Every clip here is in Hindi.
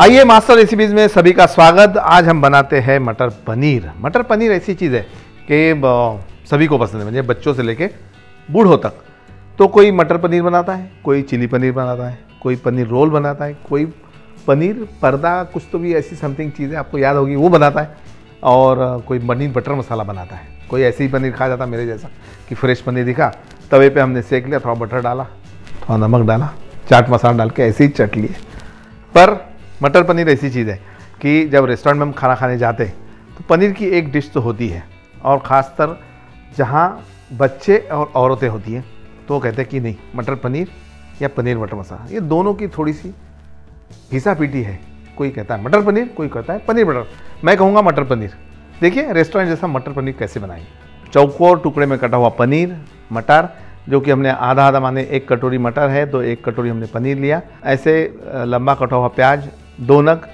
आइए मास्टर रेसिपीज़ में सभी का स्वागत आज हम बनाते हैं मटर पनीर मटर पनीर ऐसी चीज़ है कि सभी को पसंद है मुझे मतलब बच्चों से लेके बूढ़ों तक तो कोई मटर पनीर बनाता है कोई चिली पनीर बनाता है कोई पनीर रोल बनाता है कोई पनीर पर्दा कुछ तो भी ऐसी समथिंग चीज़ है आपको याद होगी वो बनाता है और कोई पनीर बटर मसाला बनाता है कोई ऐसे ही पनीर खा जाता मेरे जैसा कि फ्रेश पनीर दिखा तवे पे हमने सेक लिया थोड़ा बटर डाला थोड़ा नमक डाला चाट मसाला डाल के ऐसे ही चट लिए पर मटर पनीर ऐसी चीज़ है कि जब रेस्टोरेंट में हम खाना खाने जाते हैं तो पनीर की एक डिश तो होती है और ख़ासतर जहाँ बच्चे और औरतें होती हैं तो वो कहते हैं कि नहीं मटर पनीर या पनीर मटर मसाला ये दोनों की थोड़ी सी घिसा पीटी है कोई कहता है मटर पनीर कोई कहता है पनीर मटर मैं कहूँगा मटर पनीर देखिए रेस्टोरेंट जैसा मटर पनीर कैसे बनाएं चौकोर टुकड़े में कटा हुआ पनीर मटर जो कि हमने आधा आधा माने एक कटोरी मटर है तो एक कटोरी हमने पनीर लिया ऐसे लंबा कटा हुआ प्याज दो नग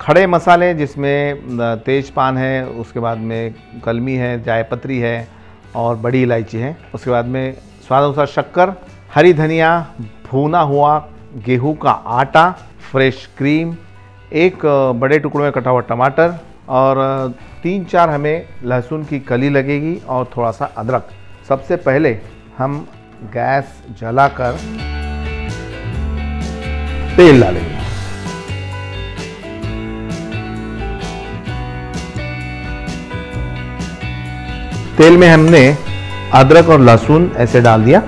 खड़े मसाले जिसमें तेज पान है उसके बाद में कलमी है जायपत्री है और बड़ी इलायची है उसके बाद में स्वाद अनुसार शक्कर हरी धनिया भुना हुआ गेहूं का आटा फ्रेश क्रीम एक बड़े टुकड़ों में कटा हुआ टमाटर और तीन चार हमें लहसुन की कली लगेगी और थोड़ा सा अदरक सबसे पहले हम गैस जलाकर तेल डालेंगे तेल में हमने अदरक और लहसुन ऐसे डाल दिया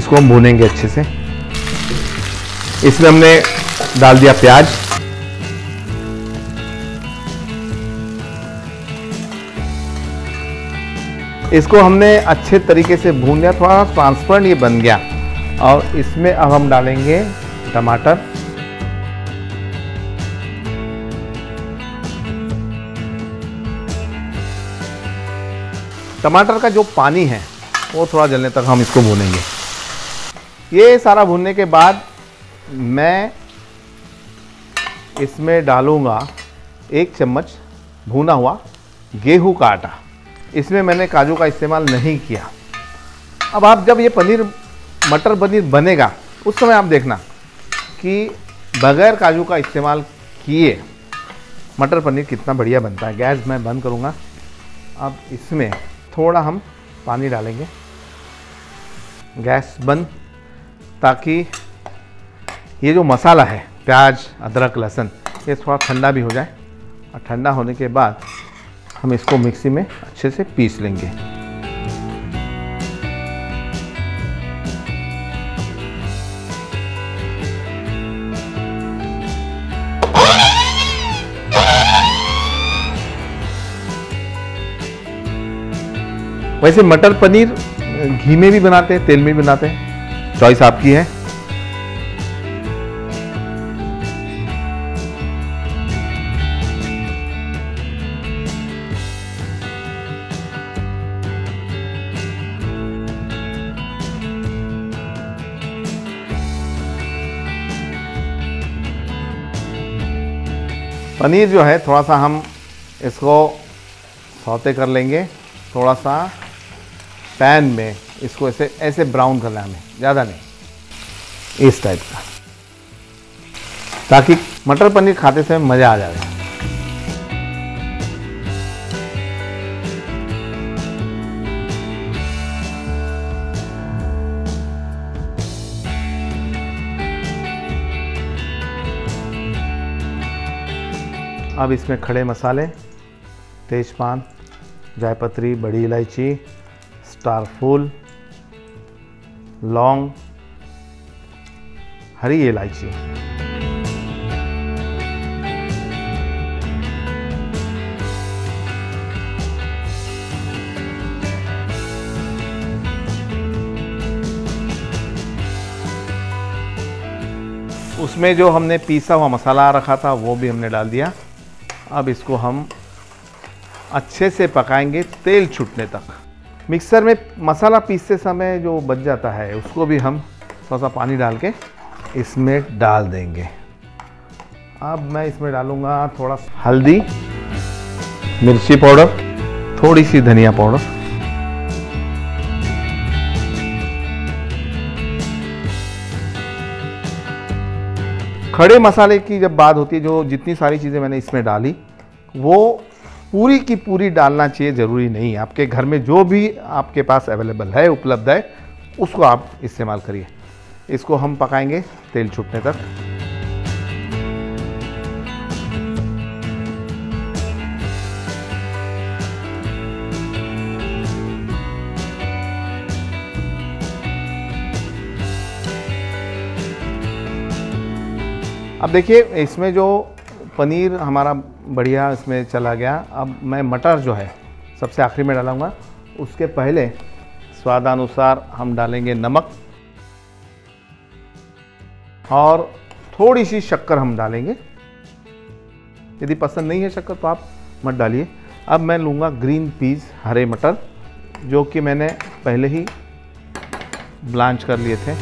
इसको हम भूनेंगे अच्छे से इसमें हमने डाल दिया प्याज इसको हमने अच्छे तरीके से भून लिया थोड़ा ट्रांसपेरेंट ये बन गया और इसमें अब हम डालेंगे टमाटर टमाटर का जो पानी है वो थोड़ा जलने तक हम इसको भूनेंगे ये सारा भूनने के बाद मैं इसमें डालूँगा एक चम्मच भुना हुआ गेहूं का आटा इसमें मैंने काजू का इस्तेमाल नहीं किया अब आप जब ये पनीर मटर पनीर बनेगा उस समय आप देखना कि बगैर काजू का इस्तेमाल किए मटर पनीर कितना बढ़िया बनता है गैस मैं बंद करूँगा अब इसमें थोड़ा हम पानी डालेंगे गैस बंद ताकि ये जो मसाला है प्याज अदरक लहसुन ये थोड़ा ठंडा भी हो जाए और ठंडा होने के बाद हम इसको मिक्सी में अच्छे से पीस लेंगे वैसे मटर पनीर घी में भी बनाते हैं तेल में भी बनाते हैं चॉइस आपकी है पनीर जो है थोड़ा सा हम इसको सौते कर लेंगे थोड़ा सा पैन में इसको ऐसे ऐसे ब्राउन करना है हमें ज़्यादा नहीं इस टाइप का ताकि मटर पनीर खाते समय मज़ा आ जाए अब इसमें खड़े मसाले तेजपान जायपत्री बड़ी इलायची स्टार फूल लौंग हरी इलायची उसमें जो हमने पीसा हुआ मसाला रखा था वो भी हमने डाल दिया अब इसको हम अच्छे से पकाएंगे तेल छूटने तक मिक्सर में मसाला पीसते समय जो बच जाता है उसको भी हम थोड़ा सा पानी डाल के इसमें डाल देंगे अब मैं इसमें डालूंगा थोड़ा हल्दी मिर्ची पाउडर थोड़ी सी धनिया पाउडर खड़े मसाले की जब बात होती है जो जितनी सारी चीज़ें मैंने इसमें डाली वो पूरी की पूरी डालना चाहिए ज़रूरी नहीं है आपके घर में जो भी आपके पास अवेलेबल है उपलब्ध है उसको आप इस्तेमाल करिए इसको हम पकाएंगे तेल छुटने तक अब देखिए इसमें जो पनीर हमारा बढ़िया इसमें चला गया अब मैं मटर जो है सबसे आखिरी में डालूँगा उसके पहले स्वादानुसार हम डालेंगे नमक और थोड़ी सी शक्कर हम डालेंगे यदि पसंद नहीं है शक्कर तो आप मत डालिए अब मैं लूँगा ग्रीन पीस हरे मटर जो कि मैंने पहले ही ब्लांच कर लिए थे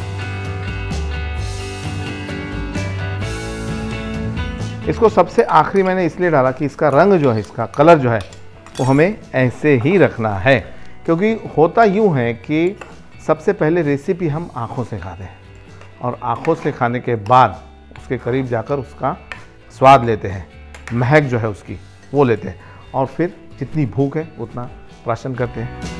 इसको सबसे आखिरी मैंने इसलिए डाला कि इसका रंग जो है इसका कलर जो है वो हमें ऐसे ही रखना है क्योंकि होता यूँ है कि सबसे पहले रेसिपी हम आँखों से खाते हैं और आँखों से खाने के बाद उसके करीब जाकर उसका स्वाद लेते हैं महक जो है उसकी वो लेते हैं और फिर जितनी भूख है उतना राशन करते हैं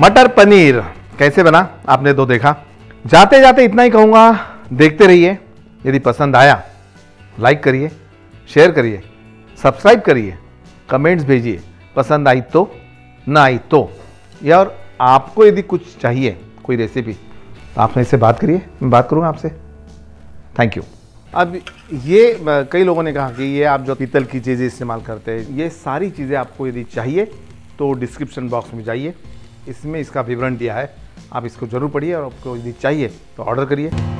मटर पनीर कैसे बना आपने तो देखा जाते जाते इतना ही कहूँगा देखते रहिए यदि पसंद आया लाइक करिए शेयर करिए सब्सक्राइब करिए कमेंट्स भेजिए पसंद आई तो ना आई तो या और आपको यदि कुछ चाहिए कोई रेसिपी तो आप मेरे से बात करिए मैं बात करूँगा आपसे थैंक यू अब ये कई लोगों ने कहा कि ये आप जो पीतल की चीज़ें इस्तेमाल करते हैं ये सारी चीज़ें आपको यदि चाहिए तो डिस्क्रिप्शन बॉक्स में जाइए इसमें इसका विवरण दिया है आप इसको ज़रूर पढ़िए और आपको यदि चाहिए तो ऑर्डर करिए